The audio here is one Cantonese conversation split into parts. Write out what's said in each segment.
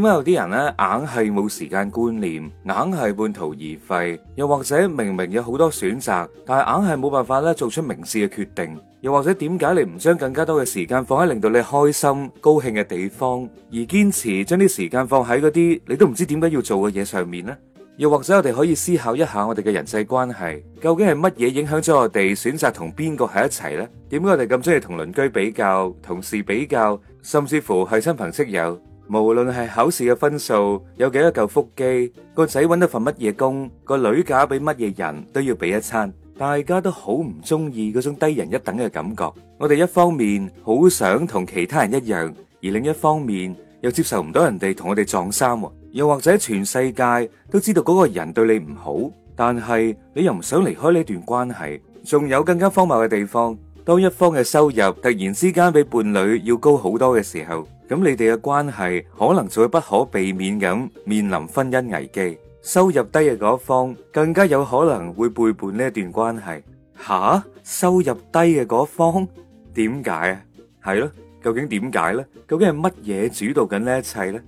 點解有啲人咧硬係冇時間觀念，硬係半途而廢，又或者明明有好多選擇，但係硬係冇辦法咧做出明智嘅決定，又或者點解你唔將更加多嘅時間放喺令到你開心高興嘅地方，而堅持將啲時間放喺嗰啲你都唔知點解要做嘅嘢上面呢？又或者我哋可以思考一下，我哋嘅人際關係究竟係乜嘢影響咗我哋選擇同邊個喺一齊呢？點解我哋咁中意同鄰居比較、同事比較，甚至乎係親朋戚友？無論係考試嘅分數，有幾多嚿腹肌，個仔搵到份乜嘢工，個女嫁俾乜嘢人都要俾一餐，大家都好唔中意嗰種低人一等嘅感覺。我哋一方面好想同其他人一樣，而另一方面又接受唔到人哋同我哋撞衫，又或者全世界都知道嗰個人對你唔好，但係你又唔想離開呢一段關係。仲有更加荒謬嘅地方，當一方嘅收入突然之間比伴侶要高好多嘅時候。咁你哋嘅關係可能就會不可避免咁面臨婚姻危機，收入低嘅嗰方更加有可能會背叛呢一段關係。吓，收入低嘅嗰方點解啊？係咯，究竟點解呢？究竟係乜嘢主導緊呢一切呢？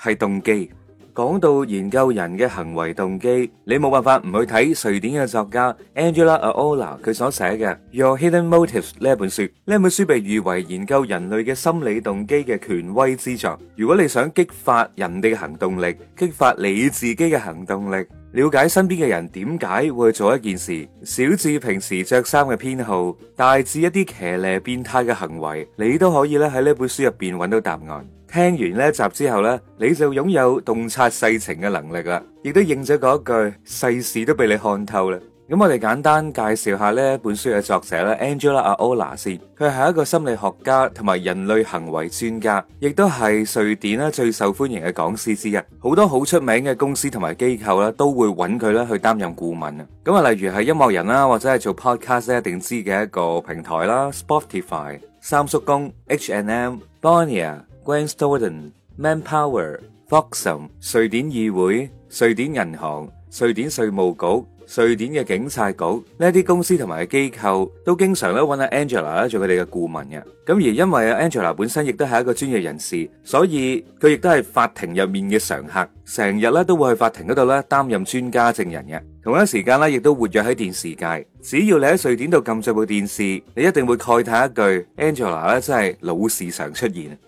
係動機。講到研究人嘅行為動機，你冇辦法唔去睇瑞典嘅作家 Angela Ahola 佢所寫嘅《Your Hidden Motives》呢本書。呢本書被譽為研究人類嘅心理動機嘅權威之作。如果你想激發人哋嘅行動力，激發你自己嘅行動力，了解身邊嘅人點解會做一件事，小至平時着衫嘅偏好，大至一啲騎呢變態嘅行為，你都可以咧喺呢本書入邊揾到答案。聽完呢一集之後咧，你就擁有洞察世情嘅能力啦，亦都應咗嗰句世事都被你看透啦。咁我哋簡單介紹下呢一本書嘅作者咧，Angela Ahola 先，佢係一個心理學家同埋人類行為專家，亦都係瑞典咧最受歡迎嘅講師之一。好多好出名嘅公司同埋機構咧都會揾佢咧去擔任顧問啊。咁啊，例如係音樂人啦，或者係做 podcast 咧，一定知嘅一個平台啦，Spotify、三叔公、H and M、Bonia 啊。Gwen Stoddard、Manpower、Foxham、瑞典議會、瑞典銀行、瑞典稅務局、瑞典嘅警察局，呢一啲公司同埋嘅機構都經常咧揾阿 Angela 咧做佢哋嘅顧問嘅。咁而因為阿 Angela 本身亦都係一個專業人士，所以佢亦都係法庭入面嘅常客，成日咧都會去法庭嗰度咧擔任專家證人嘅。同一時間咧，亦都活躍喺電視界。只要你喺瑞典度撳咗部電視，你一定會慨嘆一句：Angela 咧真係老時常出現。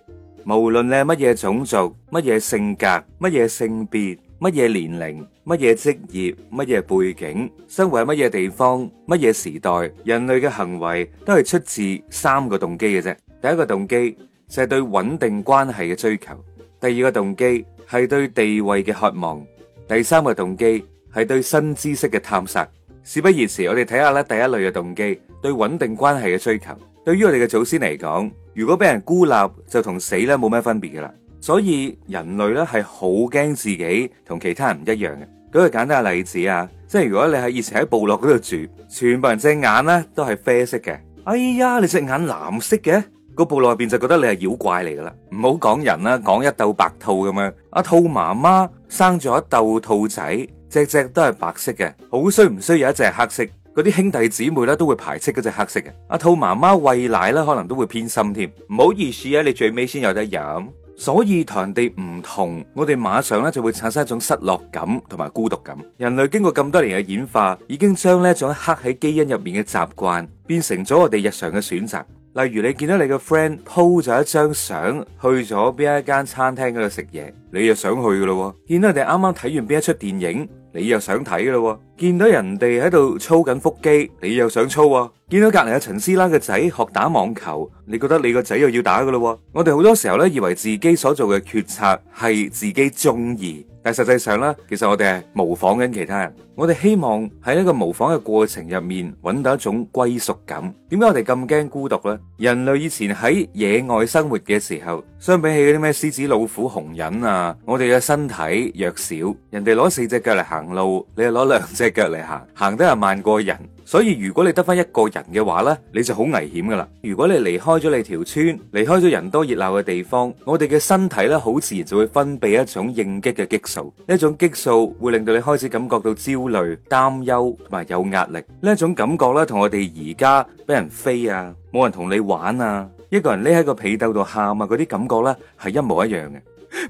無論你係乜嘢種族、乜嘢性格、乜嘢性別、乜嘢年齡、乜嘢職業、乜嘢背景，生活喺乜嘢地方、乜嘢時代，人類嘅行為都係出自三個動機嘅啫。第一個動機就係對穩定關係嘅追求，第二個動機係對地位嘅渴望，第三個動機係對新知識嘅探索。事不宜遲，我哋睇下咧第一類嘅動機，對穩定關係嘅追求。對於我哋嘅祖先嚟講，如果俾人孤立就同死咧冇咩分別嘅啦。所以人類咧係好驚自己同其他人唔一樣嘅。舉個簡單嘅例子啊，即係如果你係以前喺部落嗰度住，全部人隻眼咧都係啡色嘅。哎呀，你隻眼藍色嘅，個部落入邊就覺得你係妖怪嚟噶啦。唔好講人啦，講一竇白兔咁樣，阿兔媽媽生咗一竇兔仔，隻隻都係白色嘅，好衰唔衰有一隻黑色？嗰啲兄弟姊妹咧都會排斥嗰隻黑色嘅，阿、啊、兔媽媽喂奶咧可能都會偏心添，唔好意思啊，你最尾先有得飲。所以同人哋唔同，我哋馬上咧就會產生一種失落感同埋孤獨感。人類經過咁多年嘅演化，已經將呢一種刻喺基因入面嘅習慣，變成咗我哋日常嘅選擇。例如你見到你嘅 friend 鋪咗一張相去咗邊一間餐廳嗰度食嘢，你又想去噶咯。見到佢哋啱啱睇完邊一出電影。你又想睇嘅咯，見到人哋喺度操緊腹肌，你又想操啊！見到隔籬阿陳師奶嘅仔學打網球，你覺得你個仔又要打嘅咯。我哋好多時候呢，以為自己所做嘅決策係自己中意。但係實際上咧，其實我哋係模仿緊其他人。我哋希望喺呢個模仿嘅過程入面，揾到一種歸屬感。點解我哋咁驚孤獨咧？人類以前喺野外生活嘅時候，相比起嗰啲咩獅子、老虎、熊人啊，我哋嘅身體弱小，人哋攞四隻腳嚟行路，你又攞兩隻腳嚟行，行得係慢過人。所以如果你得翻一個人嘅話呢，你就好危險噶啦。如果你離開咗你條村，離開咗人多熱鬧嘅地方，我哋嘅身體呢，好自然就會分泌一種應激嘅激素。呢一種激素會令到你開始感覺到焦慮、擔憂同埋有壓力。呢一種感覺呢，同我哋而家俾人飛啊，冇人同你玩啊，一個人匿喺個被竇度喊啊，嗰啲感覺呢，係一模一樣嘅。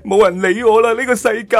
冇人理我啦！呢個世界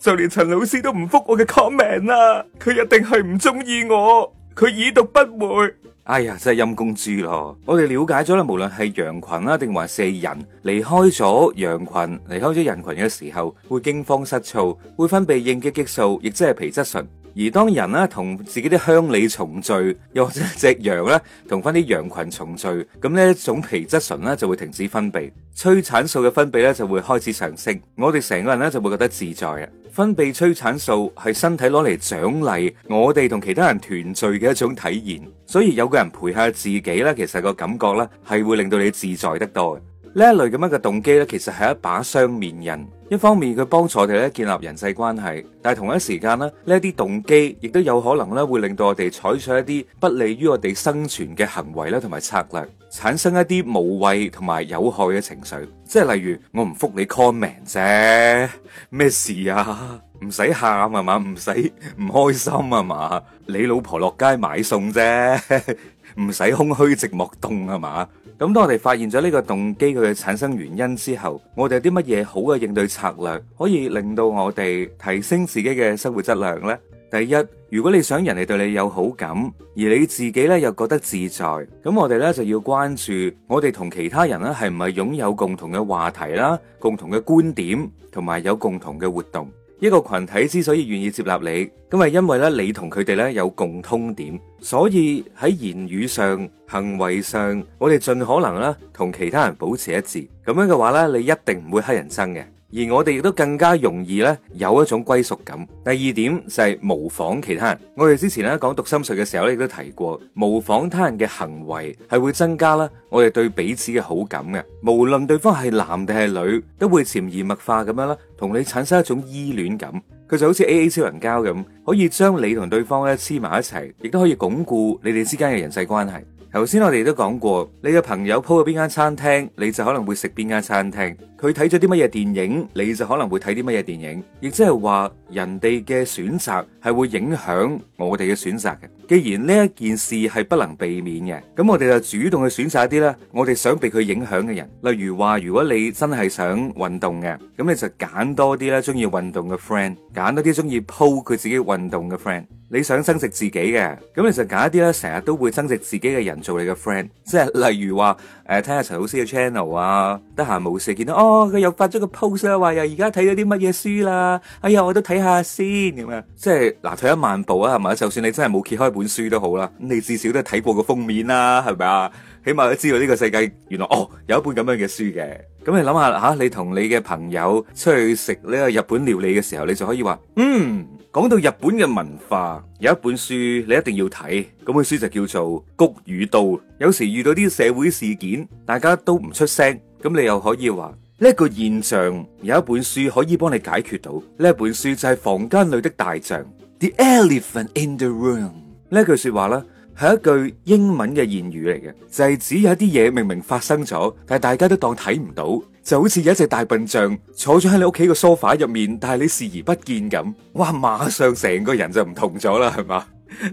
就連陳老師都唔復我嘅 comment 啦，佢一定係唔中意我。佢已讀不回，哎呀，真係陰公豬咯！我哋了解咗咧，無論係羊群啦，定還係人，離開咗羊群，離開咗人群嘅時候，會驚慌失措，會分泌應激激素，亦即係皮質醇。而當人呢同自己啲鄉里重聚，又或者隻羊呢同返啲羊群重聚，咁呢一種皮質醇呢就會停止分泌，催產素嘅分泌呢就會開始上升。我哋成個人呢就會覺得自在啊！分泌催產素係身體攞嚟獎勵我哋同其他人團聚嘅一種體驗，所以有個人陪下自己呢，其實個感覺呢係會令到你自在得多。呢一類咁樣嘅動機咧，其實係一把雙面刃。一方面佢幫助我哋咧建立人際關係，但係同一時間咧，呢啲動機亦都有可能咧，會令到我哋採取一啲不利於我哋生存嘅行為咧，同埋策略，產生一啲無謂同埋有害嘅情緒。即係例如我唔覆你 comment 啫，咩事啊？唔使喊係嘛？唔使唔開心係嘛？你老婆落街買餸啫，唔 使空虛寂寞凍係嘛？咁當我哋發現咗呢個動機佢嘅產生原因之後，我哋有啲乜嘢好嘅應對策略可以令到我哋提升自己嘅生活質量呢？第一，如果你想人哋對你有好感，而你自己咧又覺得自在，咁我哋咧就要關注我哋同其他人咧係唔係擁有共同嘅話題啦、共同嘅觀點同埋有共同嘅活動。一個群體之所以願意接納你，咁係因為咧你同佢哋咧有共通點，所以喺言語上、行為上，我哋盡可能咧同其他人保持一致。咁樣嘅話咧，你一定唔會乞人憎嘅。而我哋亦都更加容易咧有一種歸屬感。第二點就係模仿其他人。我哋之前咧講讀心術嘅時候，亦都提過模仿他人嘅行為係會增加啦我哋對彼此嘅好感嘅。無論對方係男定係女，都會潛移默化咁樣啦同你產生一種依戀感。佢就好似 AA 超人膠咁，可以將你同對方咧黐埋一齊，亦都可以鞏固你哋之間嘅人際關係。頭先我哋都講過，你嘅朋友鋪去邊間餐廳，你就可能會食邊間餐廳。佢睇咗啲乜嘢電影，你就可能會睇啲乜嘢電影，亦即係話人哋嘅選擇係會影響我哋嘅選擇嘅。既然呢一件事係不能避免嘅，咁我哋就主動去選擇一啲咧，我哋想被佢影響嘅人。例如話，如果你真係想運動嘅，咁你就揀多啲咧，中意運動嘅 friend，揀多啲中意 po 佢自己運動嘅 friend。你想增值自己嘅，咁你就揀一啲咧，成日都會增值自己嘅人做你嘅 friend。即係例如話，誒，聽阿陳老 C 嘅 channel 啊，得閒冇事見到哦。哦，佢又發咗個 post 啦，話又而家睇咗啲乜嘢書啦。哎呀，我都睇下先咁啊。樣即係嗱，退一萬步啊，係咪？就算你真係冇揭開本書都好啦，咁你至少都睇過個封面啦，係咪啊？起碼都知道呢個世界原來哦有一本咁樣嘅書嘅。咁你諗下嚇，你同你嘅朋友出去食呢個日本料理嘅時候，你就可以話，嗯，講到日本嘅文化有一本書你一定要睇，咁本書就叫做《菊與刀》。有時遇到啲社會事件，大家都唔出聲，咁你又可以話。呢一個現象，有一本書可以幫你解決到，呢本書就係《房間裏的大象》（The Elephant in the Room）。呢句說話啦，係一句英文嘅諺語嚟嘅，就係指有一啲嘢明明發生咗，但係大家都當睇唔到，就好似有一隻大笨象坐咗喺你屋企個 sofa 入面，但係你視而不見咁。哇，馬上成個人就唔同咗啦，係嘛？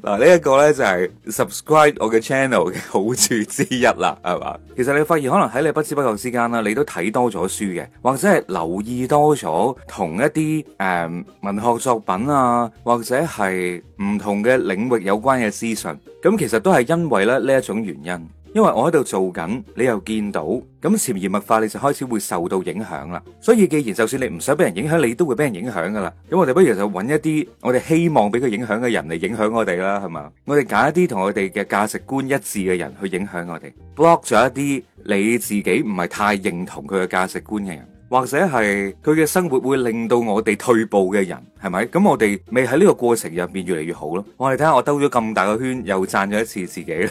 嗱，呢一個呢，就係 subscribe 我嘅 channel 嘅好處之一啦，係嘛？其實你發現可能喺你不知不覺之間啦，你都睇多咗書嘅，或者係留意多咗同一啲誒、呃、文學作品啊，或者係唔同嘅領域有關嘅資訊，咁其實都係因為咧呢一種原因。因為我喺度做緊，你又見到咁潛移默化，你就開始會受到影響啦。所以，既然就算你唔想俾人影響，你都會俾人影響噶啦。咁我哋不如就搵一啲我哋希望俾佢影響嘅人嚟影響我哋啦，係嘛？我哋揀一啲同我哋嘅價值觀一致嘅人去影響我哋，block 咗一啲你自己唔係太認同佢嘅價值觀嘅人，或者係佢嘅生活會令到我哋退步嘅人，係咪？咁我哋未喺呢個過程入邊越嚟越好咯。我哋睇下我兜咗咁大個圈，又讚咗一次自己。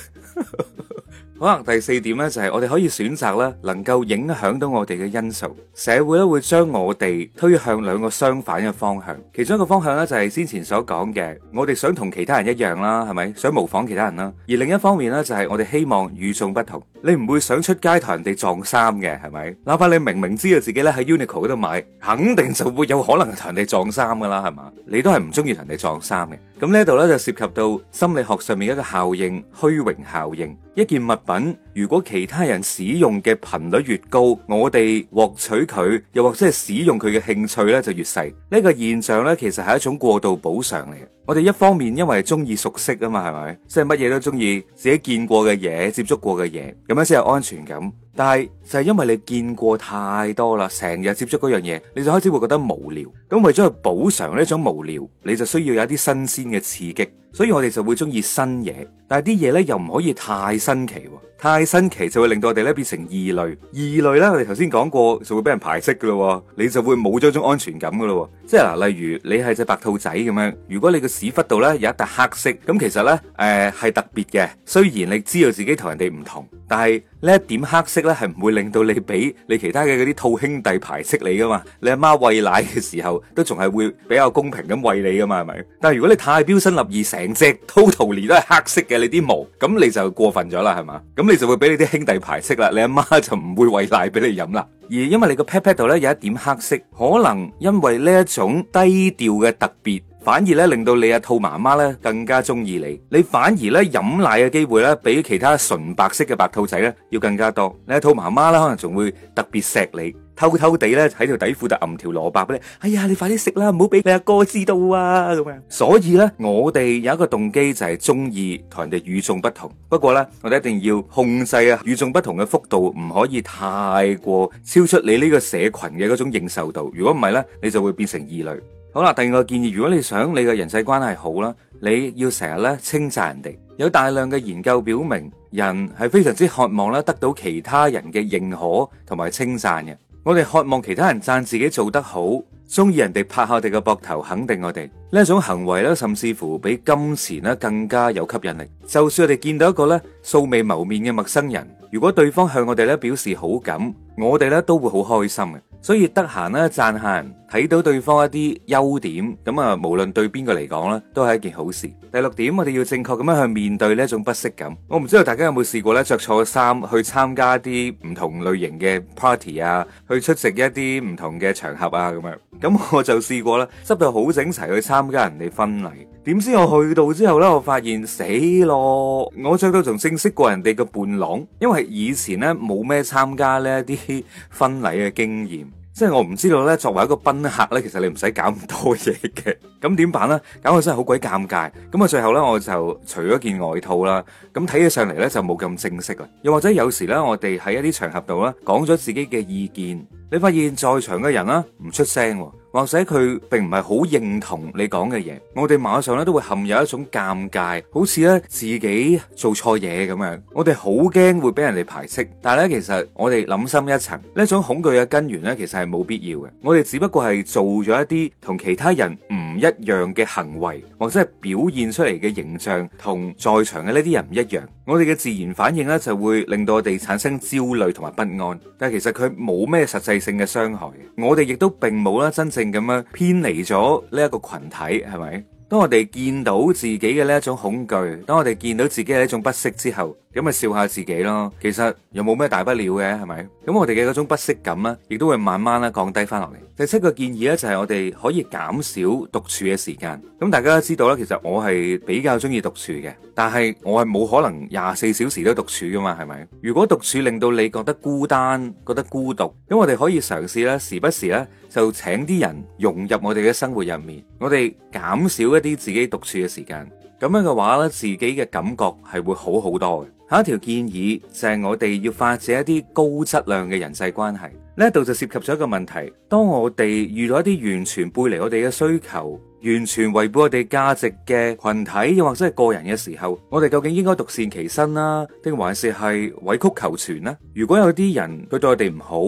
可能第四點呢，就係我哋可以選擇咧，能夠影響到我哋嘅因素，社會咧會將我哋推向兩個相反嘅方向。其中一個方向呢，就係先前所講嘅，我哋想同其他人一樣啦，係咪？想模仿其他人啦。而另一方面呢，就係我哋希望與眾不同。你唔會想出街同人哋撞衫嘅，係咪？哪怕你明明知道自己呢喺 Uniqlo 嗰度買，肯定就會有可能同人哋撞衫噶啦，係嘛？你都係唔中意同人哋撞衫嘅。咁呢度呢，就涉及到心理學上面一個效應，虛榮效應。一件物品如果其他人使用嘅頻率越高，我哋獲取佢又或者係使用佢嘅興趣呢，就越細。呢個現象呢，其實係一種過度補償嚟嘅。我哋一方面因為中意熟悉啊嘛，係咪？即係乜嘢都中意自己見過嘅嘢、接觸過嘅嘢，咁樣先有安全感。但係就係因為你見過太多啦，成日接觸嗰樣嘢，你就開始會覺得無聊。咁為咗去補償呢種無聊，你就需要有一啲新鮮嘅刺激。所以我哋就會中意新嘢，但係啲嘢呢又唔可以太新奇，太新奇就會令到我哋呢變成異類。異類呢，我哋頭先講過，就會俾人排斥噶咯，你就會冇咗一種安全感噶咯。即係嗱，例如你係隻白兔仔咁樣，如果你個屎忽度呢有一笪黑色，咁其實呢誒係、呃、特別嘅。雖然你知道自己同人哋唔同，但係呢一點黑色呢係唔會令到你俾你其他嘅嗰啲兔兄弟排斥你噶嘛。你阿媽餵奶嘅時候都仲係會比較公平咁餵你噶嘛，係咪？但係如果你太標新立異成隻兔兔 totally 都係黑色嘅，你啲毛，咁你就過分咗啦，係嘛？咁你就會俾你啲兄弟排斥啦，你阿媽就唔會餵奶俾你飲啦。而因為你個 pet pet 度咧有一點黑色，可能因為呢一種低調嘅特別，反而咧令到你阿兔媽媽咧更加中意你，你反而咧飲奶嘅機會咧比其他純白色嘅白兔仔咧要更加多，你阿兔媽媽咧可能仲會特別錫你。偷偷地咧就喺條底褲度揞條蘿蔔俾你，哎呀，你快啲食啦，唔好俾你阿哥知道啊咁樣！所以咧，我哋有一個動機就係鍾意同人哋與眾不同。不過咧，我哋一定要控制啊與眾不同嘅幅度，唔可以太過超出你呢個社群嘅嗰種接受度。如果唔係咧，你就會變成異類。好啦，第二個建議，如果你想你嘅人際關係好啦，你要成日咧稱讚人哋。有大量嘅研究表明，人係非常之渴望咧得到其他人嘅認可同埋稱讚嘅。我哋渴望其他人讚自己做得好，中意人哋拍下我哋個膊頭，肯定我哋，呢一種行為咧，甚至乎比金錢咧更加有吸引力。就算我哋見到一個咧素未謀面嘅陌生人，如果對方向我哋咧表示好感，我哋咧都會好開心嘅。所以得閒呢，讚下人，睇到對方一啲優點，咁啊無論對邊個嚟講呢都係一件好事。第六點，我哋要正確咁樣去面對呢一種不適感。我唔知道大家有冇試過呢，着錯衫去參加啲唔同類型嘅 party 啊，去出席一啲唔同嘅場合啊咁樣。咁我就試過啦，執到好整齊去參加人哋婚禮。點知我去到之後咧，我發現死咯！我着到仲正式過人哋嘅伴郎，因為以前咧，冇咩參加呢一啲婚禮嘅經驗，即係我唔知道咧，作為一個賓客咧，其實你唔使搞咁多嘢嘅。咁點辦咧？搞到真係好鬼尷尬。咁啊，最後咧，我就除咗件外套啦。咁睇起上嚟咧，就冇咁正式啦。又或者有時咧，我哋喺一啲場合度咧，講咗自己嘅意見，你發現在場嘅人啊，唔出聲。或者佢並唔係好認同你講嘅嘢，我哋馬上咧都會陷入一種尷尬，好似咧自己做錯嘢咁樣。我哋好驚會俾人哋排斥，但係咧其實我哋諗深一層，呢一種恐懼嘅根源咧其實係冇必要嘅。我哋只不過係做咗一啲同其他人唔一樣嘅行為或者係表現出嚟嘅形象，同在場嘅呢啲人唔一樣，我哋嘅自然反應呢，就會令到我哋產生焦慮同埋不安，但係其實佢冇咩實際性嘅傷害，我哋亦都並冇啦真正咁樣偏離咗呢一個群體，係咪？當我哋見到自己嘅呢一種恐懼，當我哋見到自己嘅呢一種不適之後，咁咪笑下自己咯。其實又冇咩大不了嘅，係咪？咁我哋嘅嗰種不適感呢，亦都會慢慢啦降低翻落嚟。第七個建議呢，就係我哋可以減少獨處嘅時間。咁大家都知道啦，其實我係比較中意獨處嘅，但係我係冇可能廿四小時都獨處噶嘛，係咪？如果獨處令到你覺得孤單、覺得孤獨，咁我哋可以嘗試咧，時不時咧。就請啲人融入我哋嘅生活入面，我哋減少一啲自己獨處嘅時間，咁樣嘅話呢，自己嘅感覺係會好好多嘅。下一條建議就係我哋要發展一啲高質量嘅人際關係，呢度就涉及咗一個問題，當我哋遇到一啲完全背離我哋嘅需求。完全違背我哋價值嘅群體，又或者係個人嘅時候，我哋究竟應該獨善其身啦，定還是係委曲求全呢？如果有啲人佢對我哋唔好，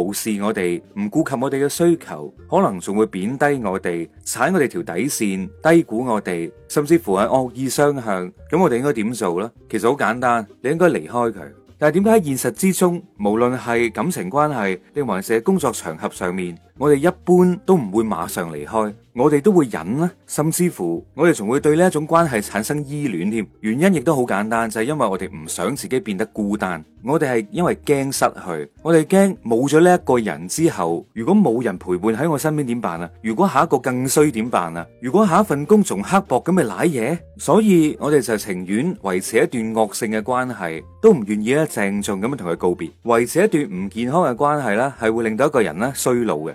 無視我哋，唔顧及我哋嘅需求，可能仲會貶低我哋，踩我哋條底線，低估我哋，甚至乎係惡意相向，咁我哋應該點做呢？其實好簡單，你應該離開佢。但係點解喺現實之中，無論係感情關係，定還是係工作場合上面，我哋一般都唔會馬上離開，我哋都會忍啦，甚至乎我哋仲會對呢一種關係產生依戀添。原因亦都好簡單，就係因為我哋唔想自己變得孤單，我哋係因為驚失去，我哋驚冇咗呢一個人之後，如果冇人陪伴喺我身邊，點辦啊？如果下一個更衰，點辦啊？如果下一份工仲刻薄咁咪瀨嘢，所以我哋就情願維持一段惡性嘅關係，都唔願意咧鄭重咁樣同佢告別，維持一段唔健康嘅關係咧，係會令到一個人咧衰老嘅。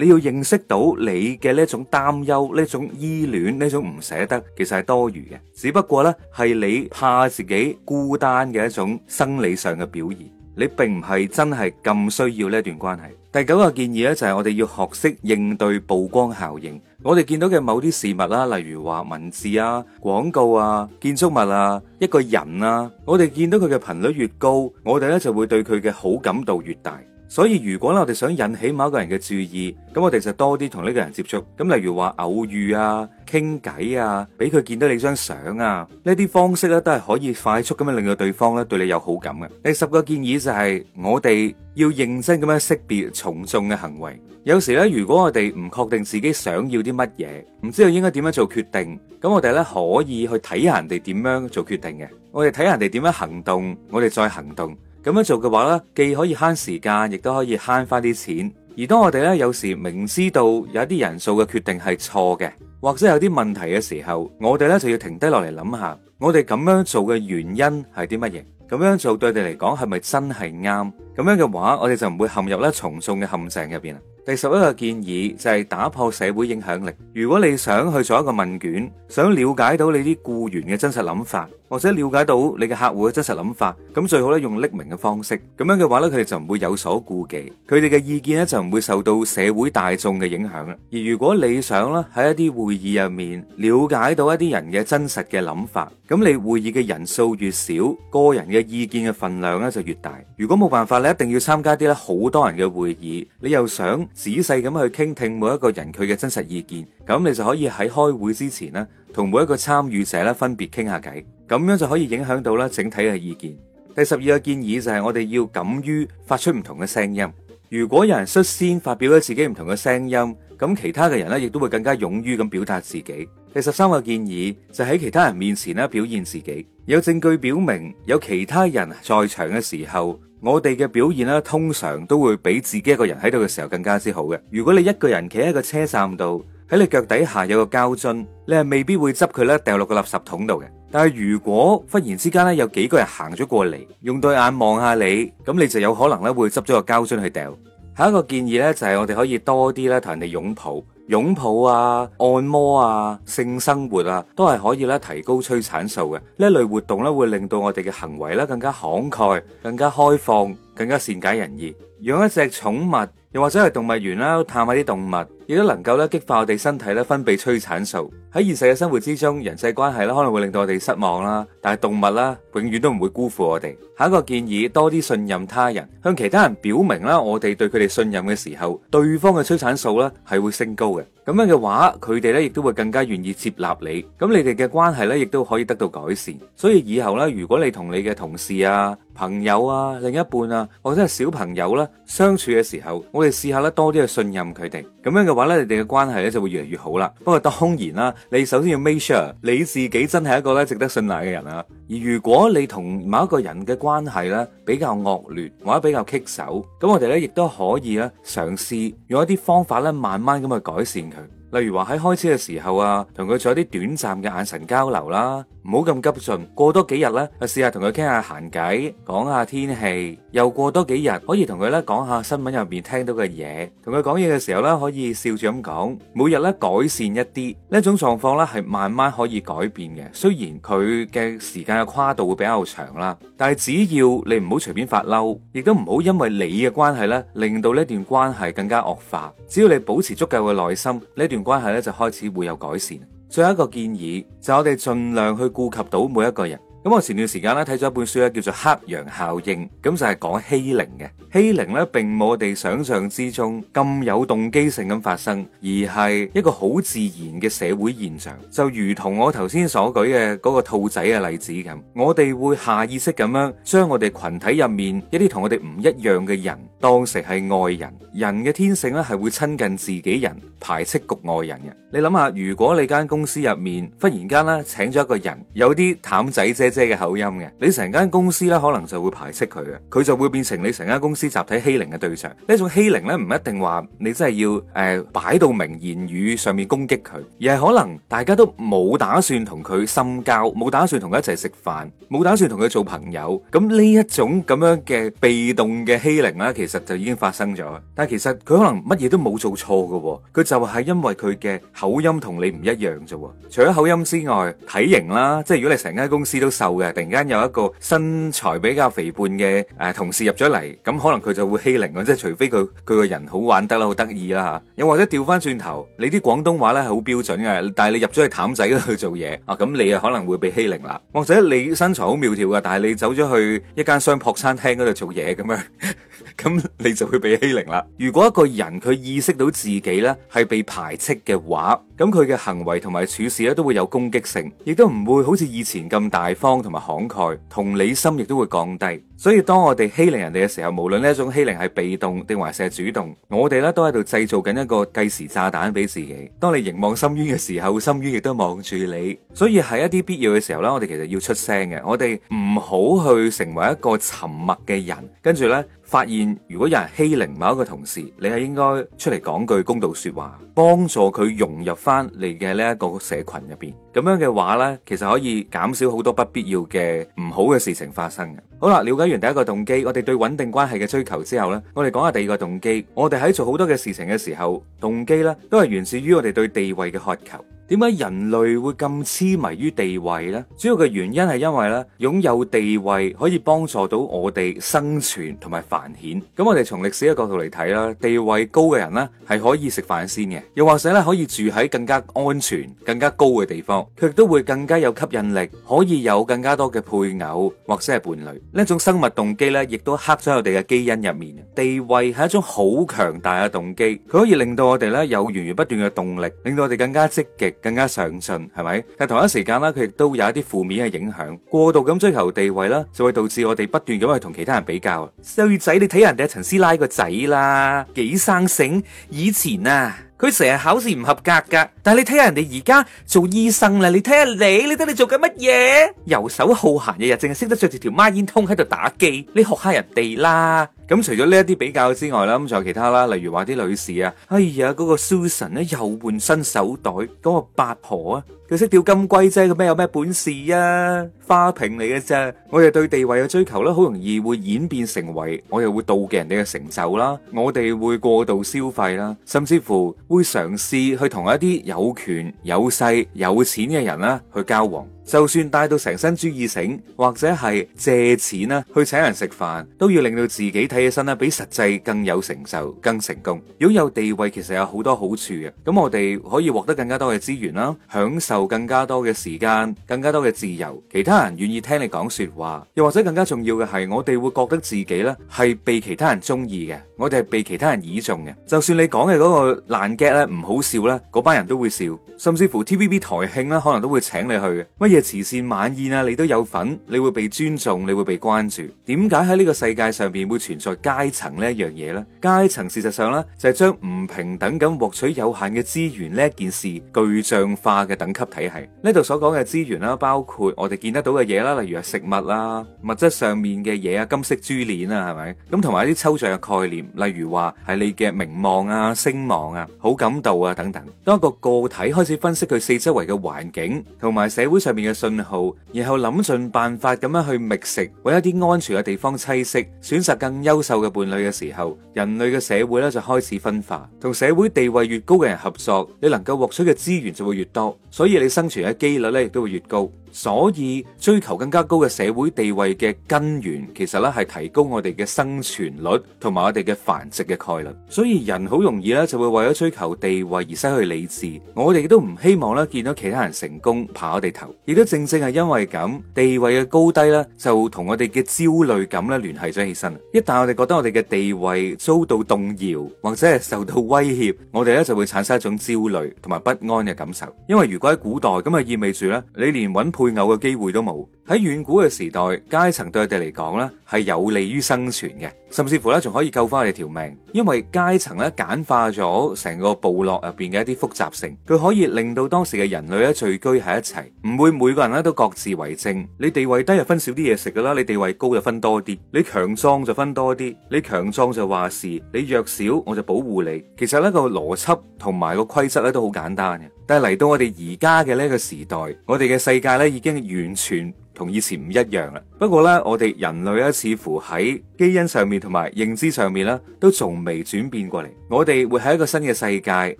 你要認識到你嘅呢種擔憂、呢種依戀、呢種唔捨得，其實係多餘嘅。只不過呢，係你怕自己孤單嘅一種生理上嘅表現。你並唔係真係咁需要呢一段關係。第九個建議呢，就係我哋要學識應對曝光效應。我哋見到嘅某啲事物啦，例如話文字啊、廣告啊、建築物啊、一個人啊，我哋見到佢嘅頻率越高，我哋呢就會對佢嘅好感度越大。所以如果咧我哋想引起某一個人嘅注意，咁我哋就多啲同呢個人接觸。咁例如話偶遇啊、傾偈啊，俾佢見到你張相啊，呢啲方式咧都係可以快速咁樣令到對方咧對你有好感嘅。第十個建議就係我哋要認真咁樣識別從眾嘅行為。有時咧，如果我哋唔確定自己想要啲乜嘢，唔知道應該點樣做決定，咁我哋咧可以去睇下人哋點樣做決定嘅。我哋睇下人哋點樣行動，我哋再行動。咁樣做嘅話呢，既可以慳時間，亦都可以慳翻啲錢。而當我哋呢，有時明知道有一啲人做嘅決定係錯嘅，或者有啲問題嘅時候，我哋呢就要停低落嚟諗下想想，我哋咁樣做嘅原因係啲乜嘢？咁樣做對你嚟講係咪真係啱？咁樣嘅話，我哋就唔會陷入呢從眾嘅陷阱入邊啦。第十一個建議就係打破社會影響力。如果你想去做一個問卷，想了解到你啲僱員嘅真實諗法。或者瞭解到你嘅客戶嘅真實諗法，咁最好咧用匿名嘅方式，咁樣嘅話咧佢哋就唔會有所顧忌，佢哋嘅意見咧就唔會受到社會大眾嘅影響啦。而如果你想咧喺一啲會議入面瞭解到一啲人嘅真實嘅諗法，咁你會議嘅人數越少，個人嘅意見嘅份量咧就越大。如果冇辦法，你一定要參加一啲咧好多人嘅會議，你又想仔細咁去傾聽每一個人佢嘅真實意見，咁你就可以喺開會之前咧同每一個參與者咧分別傾下偈。咁樣就可以影響到咧整體嘅意見。第十二個建議就係我哋要敢於發出唔同嘅聲音。如果有人率先發表咗自己唔同嘅聲音，咁其他嘅人咧亦都會更加勇於咁表達自己。第十三個建議就喺其他人面前咧表現自己。有證據表明，有其他人在場嘅時候，我哋嘅表現咧通常都會比自己一個人喺度嘅時候更加之好嘅。如果你一個人企喺個車站度，喺你腳底下有個膠樽，你係未必會執佢咧，掉落個垃圾桶度嘅。但係如果忽然之間咧有幾個人行咗過嚟，用對眼望望下你，咁你就有可能咧會執咗個膠樽去掉。下一個建議咧就係我哋可以多啲咧同人哋擁抱、擁抱啊、按摩啊、性生活啊，都係可以咧提高催產素嘅。呢一類活動咧會令到我哋嘅行為咧更加慷慨、更加開放、更加善解人意。養一隻寵物，又或者係動物園啦，探下啲動物。亦都能夠咧激發我哋身體咧分泌催產素。喺現實嘅生活之中，人際關係啦可能會令到我哋失望啦，但係動物啦永遠都唔會辜負我哋。下一個建議，多啲信任他人，向其他人表明啦，我哋對佢哋信任嘅時候，對方嘅催產素咧係會升高嘅。咁樣嘅話，佢哋咧亦都會更加願意接納你。咁你哋嘅關係咧亦都可以得到改善。所以以後咧，如果你同你嘅同事啊、朋友啊、另一半啊或者係小朋友啦相處嘅時候，我哋試下咧多啲去信任佢哋。咁樣嘅話呢，你哋嘅關係呢就會越嚟越好啦。不過當然啦，你首先要 make sure 你自己真係一個呢值得信賴嘅人啦。而如果你同某一個人嘅關係呢比較惡劣或者比較棘手，咁我哋呢亦都可以呢嘗試用一啲方法呢慢慢咁去改善佢。例如話喺開車嘅時候啊，同佢做啲短暫嘅眼神交流啦，唔好咁急進。過多幾日咧，就試下同佢傾下閒偈，講下天氣。又過多幾日，可以同佢咧講下新聞入邊聽到嘅嘢。同佢講嘢嘅時候咧，可以笑住咁講。每日咧改善一啲呢一種狀況咧，係慢慢可以改變嘅。雖然佢嘅時間嘅跨度會比較長啦，但係只要你唔好隨便發嬲，亦都唔好因為你嘅關係咧，令到呢段關係更加惡化。只要你保持足夠嘅耐心，呢一段。關係咧就開始會有改善。最後一個建議就係我哋盡量去顧及到每一個人。咁我前段時間咧睇咗一本書咧，叫做《黑羊效應》，咁就係講欺凌嘅。欺凌咧，並冇我哋想象之中咁有動機性咁發生，而係一個好自然嘅社會現象。就如同我頭先所舉嘅嗰個兔仔嘅例子咁，我哋會下意識咁樣將我哋群體入面一啲同我哋唔一樣嘅人當成係外人。人嘅天性咧係會親近自己人，排斥局外人嘅。你諗下，如果你間公司入面忽然間咧請咗一個人，有啲淡仔啫。姐嘅口音嘅，你成間公司咧可能就會排斥佢嘅，佢就會變成你成間公司集體欺凌嘅對象。呢種欺凌咧唔一定話你真係要誒擺到明言語上面攻擊佢，而係可能大家都冇打算同佢深交，冇打算同佢一齊食飯，冇打算同佢做朋友。咁呢一種咁樣嘅被動嘅欺凌咧，其實就已經發生咗。但係其實佢可能乜嘢都冇做錯㗎，佢就係因為佢嘅口音同你唔一樣啫。除咗口音之外，體型啦，即係如果你成間公司都。瘦嘅，突然間有一個身材比較肥胖嘅誒同事入咗嚟，咁可能佢就會欺凌我，即係除非佢佢個人好玩得啦，好得意啦吓，又或者調翻轉頭，你啲廣東話咧係好標準嘅，但係你入咗去譚仔嗰度做嘢啊，咁你啊可能會被欺凌啦，或者你身材好苗條嘅，但係你走咗去一間商仆餐廳嗰度做嘢咁樣。 咁你就會被欺凌啦。如果一個人佢意識到自己呢係被排斥嘅話，咁佢嘅行為同埋處事咧都會有攻擊性，亦都唔會好似以前咁大方同埋慷慨，同理心亦都會降低。所以當我哋欺凌人哋嘅時候，無論呢一種欺凌係被動定還是係主動，我哋呢都喺度製造緊一個計時炸彈俾自己。當你凝望深淵嘅時候，深淵亦都望住你。所以喺一啲必要嘅時候呢，我哋其實要出聲嘅。我哋唔好去成為一個沉默嘅人，跟住呢。發現如果有人欺凌某一個同事，你係應該出嚟講句公道說話，幫助佢融入返你嘅呢一個社群入邊。咁樣嘅話呢，其實可以減少好多不必要嘅唔好嘅事情發生嘅。好啦，了解完第一個動機，我哋對穩定關係嘅追求之後呢，我哋講下第二個動機。我哋喺做好多嘅事情嘅時候，動機呢都係源自於我哋對地位嘅渴求。點解人類會咁痴迷於地位呢？主要嘅原因係因為呢，擁有地位可以幫助到我哋生存同埋繁衍。咁我哋從歷史嘅角度嚟睇啦，地位高嘅人呢係可以食飯先嘅，又或者咧可以住喺更加安全、更加高嘅地方。佢都會更加有吸引力，可以有更加多嘅配偶或者係伴侶。呢種生物動機呢，亦都刻咗我哋嘅基因入面。地位係一種好強大嘅動機，佢可以令到我哋呢有源源不斷嘅動力，令到我哋更加積極、更加上進，係咪？但同一時間呢，佢亦都有一啲負面嘅影響。過度咁追求地位啦，就會導致我哋不斷咁去同其他人比較。細路仔，你睇人哋陳師奶個仔啦，幾生性，以前啊！佢成日考試唔合格噶，但係你睇下人哋而家做醫生啦，你睇下你，你睇你做緊乜嘢？游手好閒，日日淨係識得着住條孖煙通喺度打機，你學下人哋啦。咁、嗯、除咗呢一啲比較之外啦，咁仲有其他啦，例如話啲女士啊，哎呀嗰、嗰個 Susan 咧又換新手袋，嗰、嗰個八婆啊。佢識釣金龜啫，佢咩有咩本事啊？花瓶嚟嘅啫。我哋對地位嘅追求咧，好容易會演變成為我哋會妒忌人哋嘅成就啦。我哋會過度消費啦，甚至乎會嘗試去同一啲有權有勢有錢嘅人啦去交往。就算帶到成身朱義盛，或者係借錢啦去請人食飯，都要令到自己睇起身咧比實際更有成就、更成功。如果有地位，其實有好多好處嘅。咁我哋可以獲得更加多嘅資源啦，享受。有更加多嘅時間，更加多嘅自由，其他人願意聽你講說話，又或者更加重要嘅係，我哋會覺得自己呢係被其他人中意嘅，我哋係被其他人倚重嘅。就算你講嘅嗰個爛 gag 咧唔好笑咧，嗰班人都會笑，甚至乎 TVB 台慶啦，可能都會請你去。乜嘢慈善晚宴啊，你都有份，你會被尊重，你會被關注。點解喺呢個世界上邊會存在階層呢一樣嘢呢？階層事實上呢，就係將唔平等咁獲取有限嘅資源呢一件事具象化嘅等級。體系呢度所講嘅資源啦，包括我哋見得到嘅嘢啦，例如係食物啦、物質上面嘅嘢啊、金色珠鏈啊，係咪？咁同埋一啲抽象嘅概念，例如話係你嘅名望啊、聲望啊、好感度啊等等。當一個個體開始分析佢四周圍嘅環境同埋社會上面嘅信號，然後諗盡辦法咁樣去覓食，搵一啲安全嘅地方棲息，選擇更優秀嘅伴侶嘅時候，人類嘅社會咧就開始分化。同社會地位越高嘅人合作，你能夠獲取嘅資源就會越多，所以。你生存嘅機率咧，亦都會越高。所以追求更加高嘅社會地位嘅根源，其實咧係提高我哋嘅生存率同埋我哋嘅繁殖嘅概率。所以人好容易咧就會為咗追求地位而失去理智。我哋都唔希望咧見到其他人成功爬我哋頭，亦都正正係因為咁，地位嘅高低咧就同我哋嘅焦慮感咧聯繫咗起身。一旦我哋覺得我哋嘅地位遭到動搖或者係受到威脅，我哋咧就會產生一種焦慮同埋不安嘅感受。因為如果喺古代咁就意味住咧你連揾配。配偶嘅機會都冇。喺遠古嘅時代，階層對佢哋嚟講呢係有利於生存嘅，甚至乎呢仲可以救翻我哋條命，因為階層呢，簡化咗成個部落入邊嘅一啲複雜性，佢可以令到當時嘅人類呢聚居喺一齊，唔會每個人呢都各自為政。你地位低就分少啲嘢食噶啦，你地位高就分多啲，你強壯就分多啲，你強壯就話事，你弱小我就保護你。其實呢個邏輯同埋個規則呢都好簡單嘅。但係嚟到我哋而家嘅呢個時代，我哋嘅世界咧已經完全同以前唔一樣啦。不過咧，我哋人類咧似乎喺～基因上面同埋認知上面咧，都仲未轉變過嚟。我哋會喺一個新嘅世界，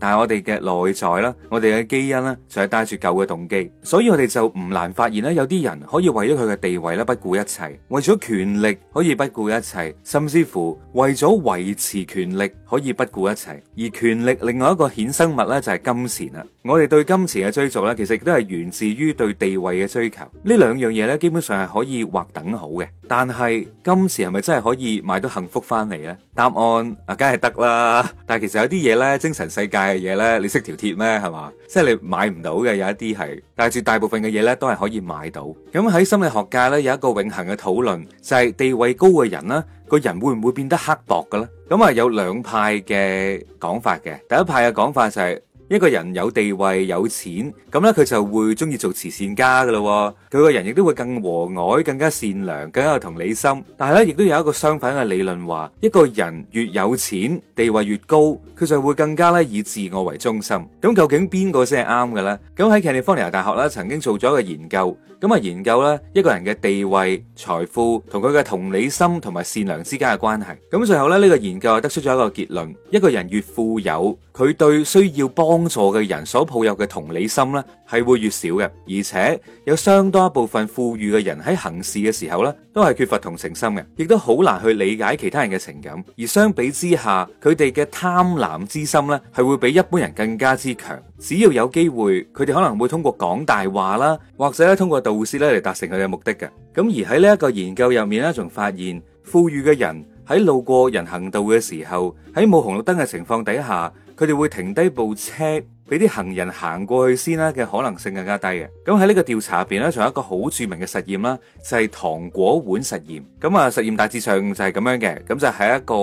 但係我哋嘅內在啦，我哋嘅基因咧，就係帶住舊嘅動機，所以我哋就唔難發現咧，有啲人可以為咗佢嘅地位咧，不顧一切，為咗權力可以不顧一切，甚至乎為咗維持權力可以不顧一切。而權力另外一個衍生物咧就係金錢啦。我哋對金錢嘅追逐咧，其實亦都係源自於對地位嘅追求。呢兩樣嘢咧，基本上係可以劃等號嘅。但係金錢係咪真係？可以買到幸福翻嚟咧？答案啊，梗係得啦。但係其實有啲嘢咧，精神世界嘅嘢咧，你識條鐵咩？係嘛，即係你買唔到嘅有一啲係，但係絕大部分嘅嘢咧都係可以買到。咁喺心理學界咧有一個永恆嘅討論，就係地位高嘅人咧，個人會唔會變得刻薄噶咧？咁啊有兩派嘅講法嘅，第一派嘅講法就係。一個人有地位有錢，咁咧佢就會中意做慈善家噶咯。佢個人亦都會更和藹、更加善良、更加有同理心。但係咧，亦都有一個相反嘅理論話，一個人越有錢、地位越高，佢就會更加咧以自我為中心。咁、嗯、究竟邊個先係啱嘅咧？咁、嗯、喺 California 大學咧，曾經做咗個研究。咁啊研究咧，一個人嘅地位、財富同佢嘅同理心同埋善良之間嘅關係。咁最後咧，呢個研究得出咗一個結論：一個人越富有，佢對需要幫助嘅人所抱有嘅同理心呢係會越少嘅。而且有相當一部分富裕嘅人喺行事嘅時候呢，都係缺乏同情心嘅，亦都好難去理解其他人嘅情感。而相比之下，佢哋嘅貪婪之心呢係會比一般人更加之強。只要有機會，佢哋可能會通過講大話啦，或者咧通過道故士咧嚟達成佢嘅目的嘅。咁而喺呢一個研究入面咧，仲發現富裕嘅人喺路過人行道嘅時候，喺冇紅綠燈嘅情況底下，佢哋會停低部車，俾啲行人行過去先啦嘅可能性更加低嘅。咁喺呢個調查入邊咧，仲有一個好著名嘅實驗啦，就係糖果碗實驗。咁啊，實驗大致上就係咁樣嘅，咁就喺一個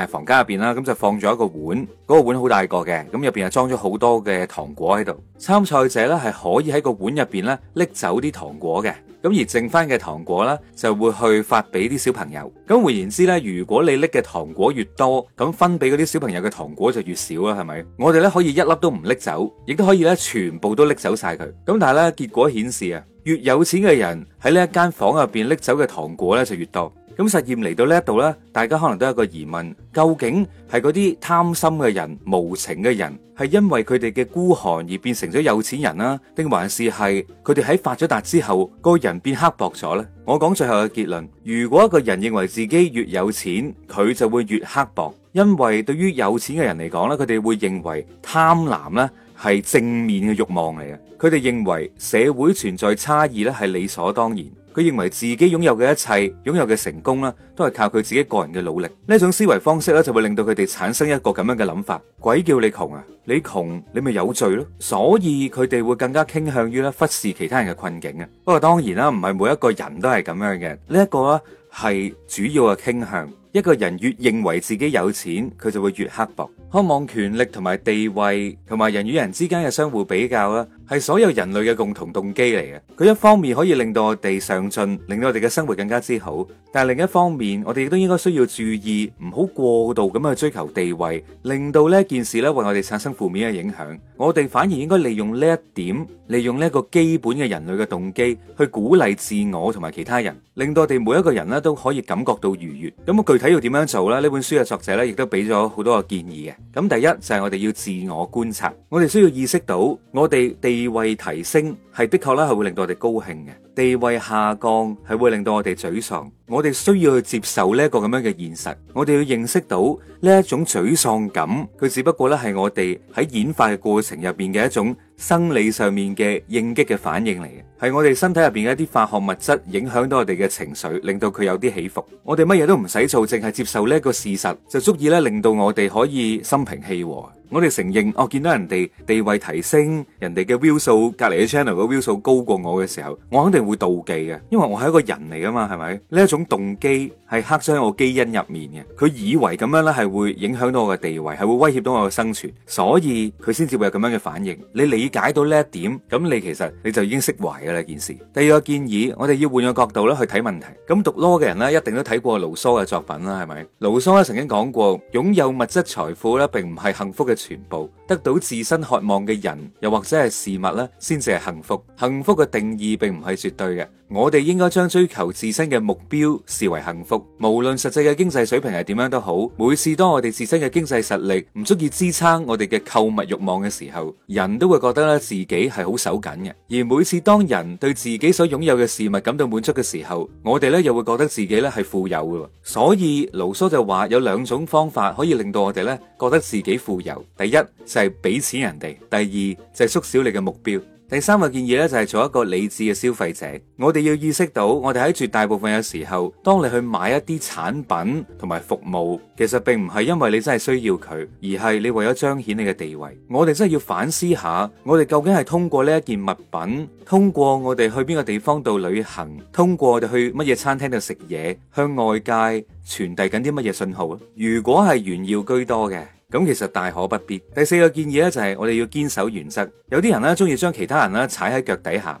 誒房間入邊啦，咁就放咗一個碗，嗰個碗好大個嘅，咁入邊啊裝咗好多嘅糖果喺度。參賽者咧係可以喺個碗入邊咧拎走啲糖果嘅。咁而剩翻嘅糖果呢，就會去發俾啲小朋友。咁換言之呢，如果你拎嘅糖果越多，咁分俾嗰啲小朋友嘅糖果就越少啦，係咪？我哋呢可以一粒都唔拎走，亦都可以呢全部都拎走晒佢。咁但係呢，結果顯示啊，越有錢嘅人喺呢一間房入邊拎走嘅糖果呢，就越多。咁實驗嚟到呢一度呢，大家可能都有一個疑問：究竟係嗰啲貪心嘅人、無情嘅人，係因為佢哋嘅孤寒而變成咗有錢人啦，定還是係佢哋喺發咗達之後，個人變刻薄咗呢？我講最後嘅結論：如果一個人認為自己越有錢，佢就會越刻薄，因為對於有錢嘅人嚟講呢，佢哋會認為貪婪呢係正面嘅慾望嚟嘅，佢哋認為社會存在差異呢係理所當然。佢認為自己擁有嘅一切、擁有嘅成功啦，都係靠佢自己個人嘅努力。呢一種思維方式咧，就會令到佢哋產生一個咁樣嘅諗法：鬼叫你窮啊！你窮你咪有罪咯！所以佢哋會更加傾向於咧忽視其他人嘅困境啊。不過當然啦，唔係每一個人都係咁樣嘅。呢一個咧係主要嘅傾向。一個人越認為自己有錢，佢就會越刻薄，渴望權力同埋地位同埋人與人之間嘅相互比較啦，係所有人類嘅共同動機嚟嘅，佢一方面可以令到我哋上進，令到我哋嘅生活更加之好，但係另一方面，我哋亦都應該需要注意，唔好過度咁去追求地位，令到呢件事咧為我哋產生負面嘅影響。我哋反而應該利用呢一點，利用呢個基本嘅人類嘅動機，去鼓勵自我同埋其他人，令到我哋每一個人咧都可以感覺到愉悅。咁我具體要點樣做呢？呢本書嘅作者咧亦都俾咗好多嘅建議嘅。咁第一就係我哋要自我觀察，我哋需要意識到我哋地。智慧提升。係的確咧，係會令到我哋高興嘅；地位下降係，會令到我哋沮喪。我哋需要去接受呢一個咁樣嘅現實，我哋要認識到呢一種沮喪感，佢只不過咧係我哋喺演化嘅過程入邊嘅一種生理上面嘅應激嘅反應嚟嘅。係我哋身體入邊嘅一啲化學物質影響到我哋嘅情緒，令到佢有啲起伏。我哋乜嘢都唔使做，淨係接受呢一個事實，就足以咧令到我哋可以心平氣和。我哋承認，我見到人哋地位提升，人哋嘅 view 數隔籬嘅 channel。票數高過我嘅時候，我肯定會妒忌嘅，因為我係一個人嚟噶嘛，係咪？呢一種動機係刻咗喺我基因入面嘅。佢以為咁樣咧係會影響到我嘅地位，係會威脅到我嘅生存，所以佢先至會有咁樣嘅反應。你理解到呢一點，咁你其實你就已經釋懷噶啦件事。第二個建議，我哋要換個角度咧去睇問題。咁讀 law 嘅人咧，一定都睇過盧梭嘅作品啦，係咪？盧梭咧曾經講過，擁有物質財富咧，並唔係幸福嘅全部。得到自身渴望嘅人，又或者係事物咧，先至係幸福。幸福嘅定義並唔係絕對嘅，我哋應該將追求自身嘅目標視為幸福。無論實際嘅經濟水平係點樣都好，每次當我哋自身嘅經濟實力唔足以支撐我哋嘅購物慾望嘅時候，人都會覺得咧自己係好手緊嘅。而每次當人對自己所擁有嘅事物感到滿足嘅時候，我哋咧又會覺得自己咧係富有嘅。所以盧梭就話有兩種方法可以令到我哋咧覺得自己富有，第一就係俾錢人哋，第二就係縮小你嘅目標。第三個建議咧就係做一個理智嘅消費者。我哋要意識到，我哋喺絕大部分嘅時候，當你去買一啲產品同埋服務，其實並唔係因為你真係需要佢，而係你為咗彰顯你嘅地位。我哋真係要反思下，我哋究竟係通過呢一件物品，通過我哋去邊個地方度旅行，通過我哋去乜嘢餐廳度食嘢，向外界傳遞緊啲乜嘢信號啊？如果係炫耀居多嘅。咁其實大可不必。第四個建議呢，就係我哋要堅守原則。有啲人呢，中意將其他人呢踩喺腳底下。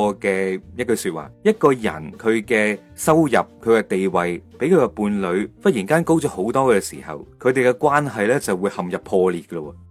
過嘅一句說話，一個人佢嘅收入佢嘅地位，比佢嘅伴侶忽然間高咗好多嘅時候，佢哋嘅關係咧就會陷入破裂嘅咯。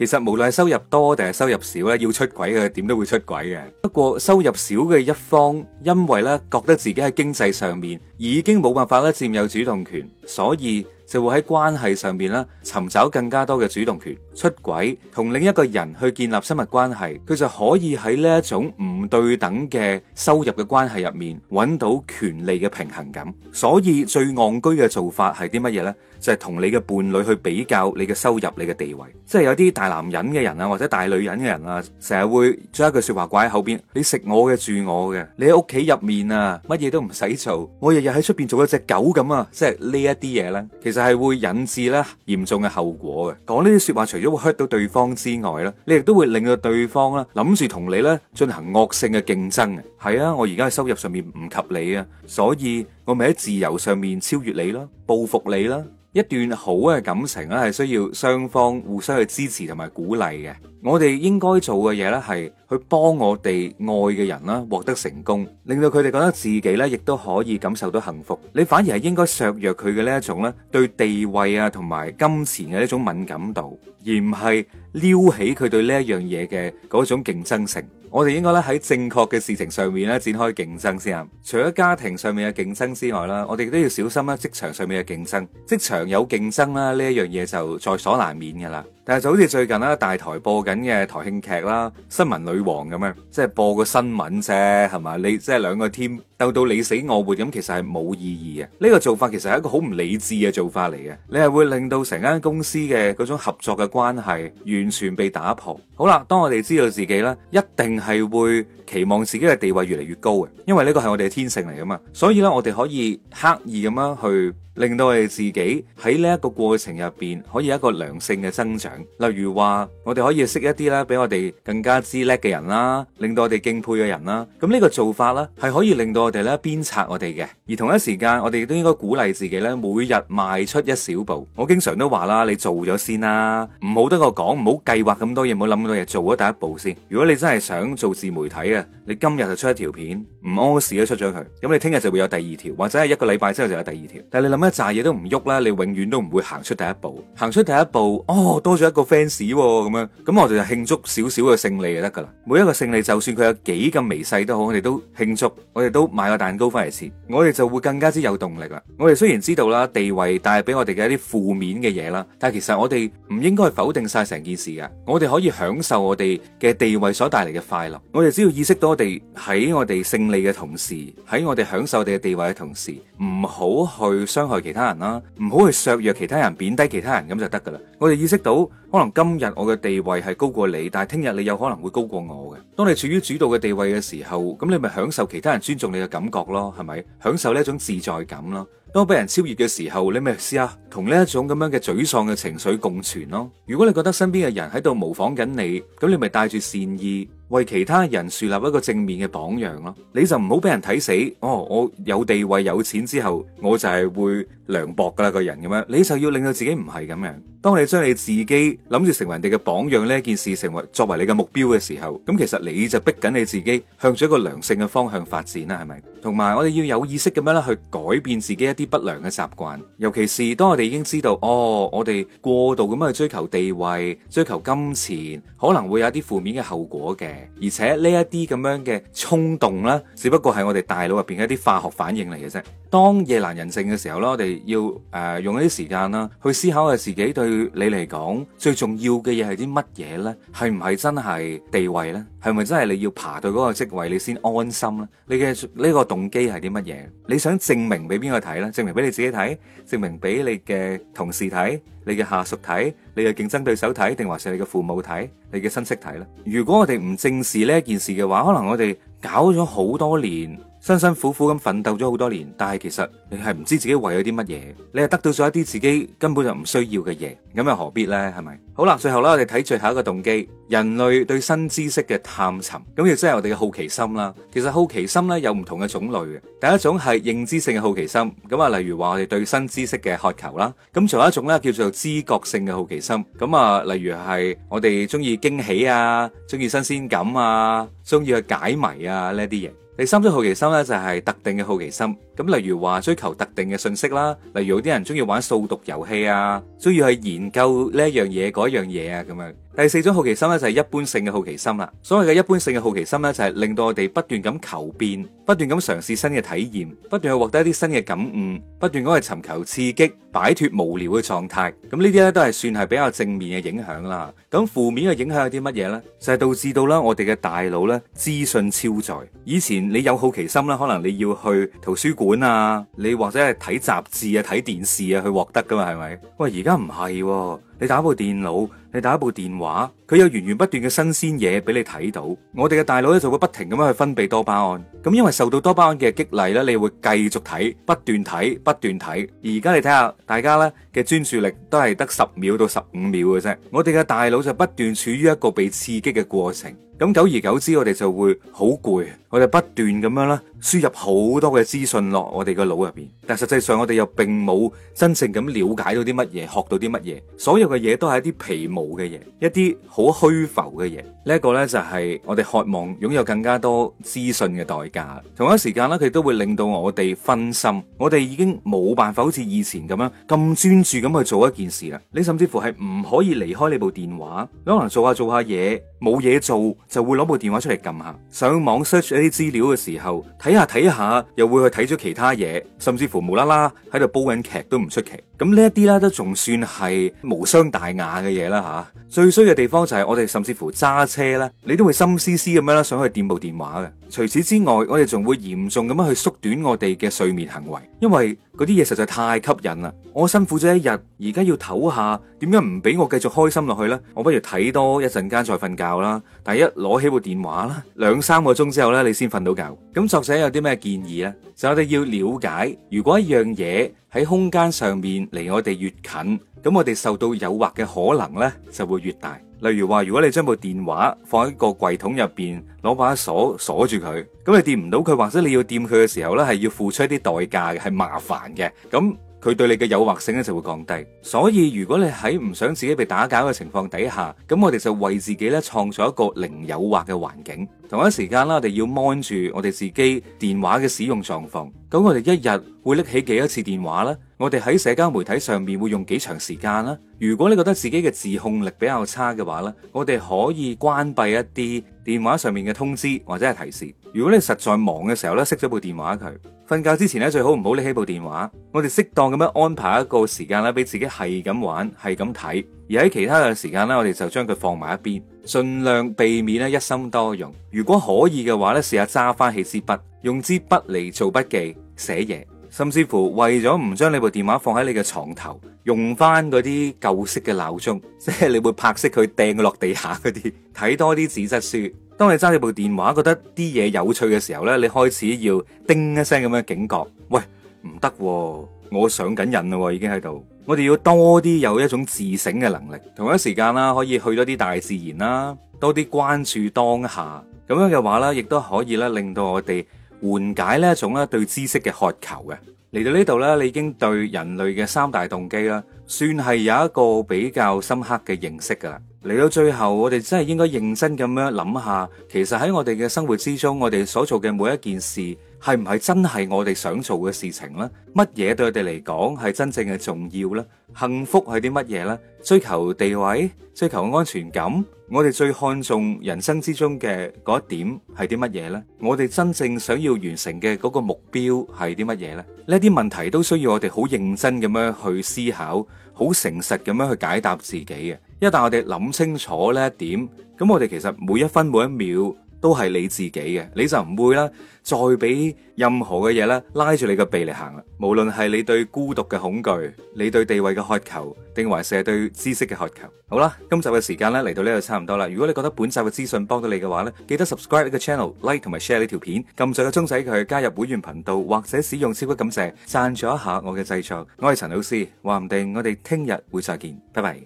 其實無論係收入多定係收入少咧，要出軌嘅點都會出軌嘅。不過收入少嘅一方，因為咧覺得自己喺經濟上面已經冇辦法咧佔有主動權，所以就會喺關係上面咧尋找更加多嘅主動權。出軌同另一個人去建立親密關係，佢就可以喺呢一種唔對等嘅收入嘅關係入面揾到權利嘅平衡感。所以最戇居嘅做法係啲乜嘢咧？就係同你嘅伴侶去比較你嘅收入、你嘅地位。即係有啲大男人嘅人啊，或者大女人嘅人啊，成日會將一句説話掛喺後邊：你食我嘅住我嘅，你喺屋企入面啊，乜嘢都唔使做，我日日喺出邊做一隻狗咁啊！即係呢一啲嘢咧，其實係會引致咧嚴重嘅後果嘅。講呢啲説話除如果會 hurt 到對方之外啦，你亦都會令到對方啦諗住同你咧進行惡性嘅競爭嘅。係啊，我而家喺收入上面唔及你啊，所以我咪喺自由上面超越你囉，報復你啦。一段好嘅感情咧，係需要雙方互相去支持同埋鼓勵嘅。我哋應該做嘅嘢咧，係去幫我哋愛嘅人啦，獲得成功，令到佢哋覺得自己咧，亦都可以感受到幸福。你反而係應該削弱佢嘅呢一種咧，對地位啊同埋金錢嘅呢種敏感度，而唔係撩起佢對呢一樣嘢嘅嗰種競爭性。我哋應該咧，喺正確嘅事情上面咧展開競爭先啊！除咗家庭上面嘅競爭之外啦，我哋都要小心咧職場上面嘅競爭。職場有競爭啦，呢一樣嘢就在所難免㗎喇。但就好似最近啦，大台播緊嘅台慶劇啦，新聞女王咁樣，即係播個新聞啫，係嘛？你即係兩個 team 鬥到你死我活咁，其實係冇意義嘅。呢個做法其實係一個好唔理智嘅做法嚟嘅。你係會令到成間公司嘅嗰種合作嘅關係完全被打破。好啦，當我哋知道自己呢，一定係會期望自己嘅地位越嚟越高嘅，因為呢個係我哋嘅天性嚟噶嘛。所以呢，我哋可以刻意咁樣去。令到我哋自己喺呢一個過程入邊可以一個良性嘅增長，例如話我哋可以識一啲啦，比我哋更加知叻嘅人啦，令到我哋敬佩嘅人啦。咁呢個做法啦，係可以令到我哋咧鞭策我哋嘅。而同一時間，我哋亦都應該鼓勵自己咧，每日邁出一小步。我經常都話啦，你做咗先啦，唔好得個講，唔好計劃咁多嘢，唔好諗咁多嘢，做咗第一步先。如果你真係想做自媒體啊，你今日就出一條片，唔屙屎都出咗佢，咁你聽日就會有第二條，或者係一個禮拜之後就有第二條。但係你諗扎嘢都唔喐啦，你永遠都唔會行出第一步。行出第一步，哦，多咗一個 fans 咁樣，咁我哋就慶祝少少嘅勝利就得噶啦。每一個勝利，就算佢有幾咁微細都好，我哋都慶祝，我哋都買個蛋糕翻嚟切，我哋就會更加之有動力啦。我哋雖然知道啦，地位帶俾我哋嘅一啲負面嘅嘢啦，但係其實我哋唔應該否定晒成件事噶。我哋可以享受我哋嘅地位所帶嚟嘅快樂。我哋只要意識到我哋喺我哋勝利嘅同時，喺我哋享受我哋嘅地位嘅同時，唔好去傷害。其他人啦，唔好去削弱其他人，貶低其他人咁就得噶啦。我哋意識到，可能今日我嘅地位係高過你，但係聽日你有可能會高過我嘅。當你處於主導嘅地位嘅時候，咁你咪享受其他人尊重你嘅感覺咯，係咪？享受呢一種自在感咯。當俾人超越嘅時候，你咪試下同呢一種咁樣嘅沮喪嘅情緒共存咯。如果你覺得身邊嘅人喺度模仿緊你，咁你咪帶住善意為其他人樹立一個正面嘅榜樣咯。你就唔好俾人睇死哦。我有地位有錢之後，我就係會涼薄噶啦，個人咁樣。你就要令到自己唔係咁樣。當你將你自己諗住成為人哋嘅榜樣呢件事成為作為你嘅目標嘅時候，咁其實你就逼緊你自己向咗一個良性嘅方向發展啦，係咪？同埋我哋要有意識咁樣啦，去改變自己一。啲不良嘅習慣，尤其是當我哋已經知道哦，我哋過度咁樣去追求地位、追求金錢，可能會有啲負面嘅後果嘅。而且呢一啲咁樣嘅衝動咧，只不過係我哋大腦入邊一啲化學反應嚟嘅啫。當夜闌人靜嘅時候啦，我哋要誒、呃、用一啲時間啦，去思考下自己對你嚟講最重要嘅嘢係啲乜嘢呢？係唔係真係地位呢？係咪真係你要爬到嗰個職位你先安心呢？你嘅呢、這個動機係啲乜嘢？你想證明俾邊個睇呢？證明俾你自己睇，證明俾你嘅同事睇，你嘅下屬睇，你嘅競爭對手睇，定還是你嘅父母睇，你嘅親戚睇啦。如果我哋唔正視呢件事嘅話，可能我哋搞咗好多年。辛辛苦苦咁奮鬥咗好多年，但係其實你係唔知自己為咗啲乜嘢，你係得到咗一啲自己根本就唔需要嘅嘢，咁又何必呢？係咪？好啦，最後呢，我哋睇最後一個動機，人類對新知識嘅探尋，咁亦即係我哋嘅好奇心啦。其實好奇心呢，有唔同嘅種類嘅，第一種係認知性嘅好奇心，咁啊，例如話我哋對新知識嘅渴求啦。咁仲有一種呢，叫做知覺性嘅好奇心，咁啊，例如係我哋中意驚喜啊，中意新鮮感啊，中意去解謎啊呢啲嘢。第三種好奇心咧就係特定嘅好奇心，咁例如話追求特定嘅信息啦，例如有啲人中意玩數獨遊戲啊，中意去研究呢一樣嘢嗰樣嘢啊咁樣。第四種好奇心咧就係一般性嘅好奇心啦。所謂嘅一般性嘅好奇心咧就係令到我哋不斷咁求變，不斷咁嘗試新嘅體驗，不斷去獲得一啲新嘅感悟，不斷咁去尋求刺激，擺脫無聊嘅狀態。咁呢啲咧都係算係比較正面嘅影響啦。咁負面嘅影響有啲乜嘢呢？就係、是、導致到啦，我哋嘅大腦呢資訊超載。以前你有好奇心啦，可能你要去圖書館啊，你或者係睇雜誌啊、睇電視啊去獲得噶嘛、啊，係咪？喂，而家唔係。你打部電腦，你打部電話。佢有源源不斷嘅新鮮嘢俾你睇到，我哋嘅大腦咧就會不停咁樣去分泌多巴胺。咁因為受到多巴胺嘅激勵咧，你會繼續睇，不斷睇，不斷睇。而家你睇下，大家咧嘅專注力都係得十秒到十五秒嘅啫。我哋嘅大腦就不斷處於一個被刺激嘅過程。咁久而久之，我哋就會好攰。我哋不斷咁樣啦，輸入好多嘅資訊落我哋個腦入邊，但係實際上我哋又並冇真正咁了解到啲乜嘢、學到啲乜嘢。所有嘅嘢都係一啲皮毛嘅嘢，一啲。好虛浮嘅嘢，這個、呢一個咧就係、是、我哋渴望擁有更加多資訊嘅代價。同一時間呢佢都會令到我哋分心。我哋已經冇辦法好似以前咁樣咁專注咁去做一件事啦。你甚至乎係唔可以離開你部電話，你可能做下做下嘢。冇嘢做就會攞部電話出嚟撳下，上網 search 一啲資料嘅時候睇下睇下，又會去睇咗其他嘢，甚至乎無啦啦喺度煲緊劇都唔出奇。咁呢一啲呢，都仲算係無傷大雅嘅嘢啦吓，最衰嘅地方就係我哋甚至乎揸車呢，你都會心思思咁樣啦，想去掂部電話嘅。除此之外，我哋仲會嚴重咁樣去縮短我哋嘅睡眠行為，因為嗰啲嘢實在太吸引啦。我辛苦咗一日，而家要唞下，點解唔俾我繼續開心落去呢？我不如睇多一陣間再瞓覺啦。但係一攞起部電話啦，兩三個鐘之後呢，你先瞓到覺。咁作者有啲咩建議呢？就我哋要了解，如果一樣嘢喺空間上面離我哋越近，咁我哋受到誘惑嘅可能呢，就會越大。例如話，如果你將部電話放喺個櫃桶入邊，攞把鎖鎖住佢，咁你掂唔到佢，或者你要掂佢嘅時候呢，係要付出一啲代價嘅，係麻煩嘅。咁佢對你嘅誘惑性呢，就會降低。所以如果你喺唔想自己被打攪嘅情況底下，咁我哋就為自己呢，創造一個零誘惑嘅環境。同一時間啦，我哋要 mon 住我哋自己電話嘅使用狀況。咁我哋一日會拎起幾多次電話呢？我哋喺社交媒體上面會用幾長時間啦？如果你覺得自己嘅自控力比較差嘅話呢，我哋可以關閉一啲電話上面嘅通知或者係提示。如果你實在忙嘅時候呢，熄咗部電話佢。瞓覺之前呢，最好唔好匿起部電話。我哋適當咁樣安排一個時間咧，俾自己係咁玩，係咁睇。而喺其他嘅時間呢，我哋就將佢放埋一邊，盡量避免呢一心多用。如果可以嘅話呢，試下揸翻起支筆，用支筆嚟做筆記、寫嘢。甚至乎為咗唔將你部電話放喺你嘅床頭，用翻嗰啲舊式嘅鬧鐘，即係你會拍熄佢掟落地下嗰啲，睇多啲紙質書。當你揸住部電話，覺得啲嘢有趣嘅時候呢，你開始要叮一聲咁樣警覺，喂，唔得喎，我上緊癮啦，已經喺度。我哋要多啲有一種自省嘅能力，同一時間啦，可以去多啲大自然啦，多啲關注當下。咁樣嘅話咧，亦都可以咧令到我哋，緩解呢一種咧對知識嘅渴求嘅，嚟到呢度咧，你已經對人類嘅三大動機啦，算係有一個比較深刻嘅認識㗎喇。嚟到最後，我哋真係應該認真咁樣諗下，其實喺我哋嘅生活之中，我哋所做嘅每一件事，係唔係真係我哋想做嘅事情呢？乜嘢對我哋嚟講係真正嘅重要呢？幸福係啲乜嘢呢？追求地位，追求安全感，我哋最看重人生之中嘅嗰一點係啲乜嘢呢？我哋真正想要完成嘅嗰個目標係啲乜嘢呢？呢一啲問題都需要我哋好認真咁樣去思考。好誠實咁樣去解答自己嘅，一旦我哋諗清楚呢一點，咁我哋其實每一分每一秒，都係你自己嘅，你就唔會啦，再俾任何嘅嘢咧拉住你個鼻嚟行啦。無論係你對孤獨嘅恐懼，你對地位嘅渴求，定還是係對知識嘅渴求。好啦，今集嘅時間咧嚟到呢度差唔多啦。如果你覺得本集嘅資訊幫到你嘅話咧，記得 subscribe 呢個 channel、like 同埋 share 呢條片。撳住個鐘仔佢加入會員頻道，或者使用超級感謝贊助一下我嘅製作。我係陳老 C，話唔定我哋聽日會再見，拜拜。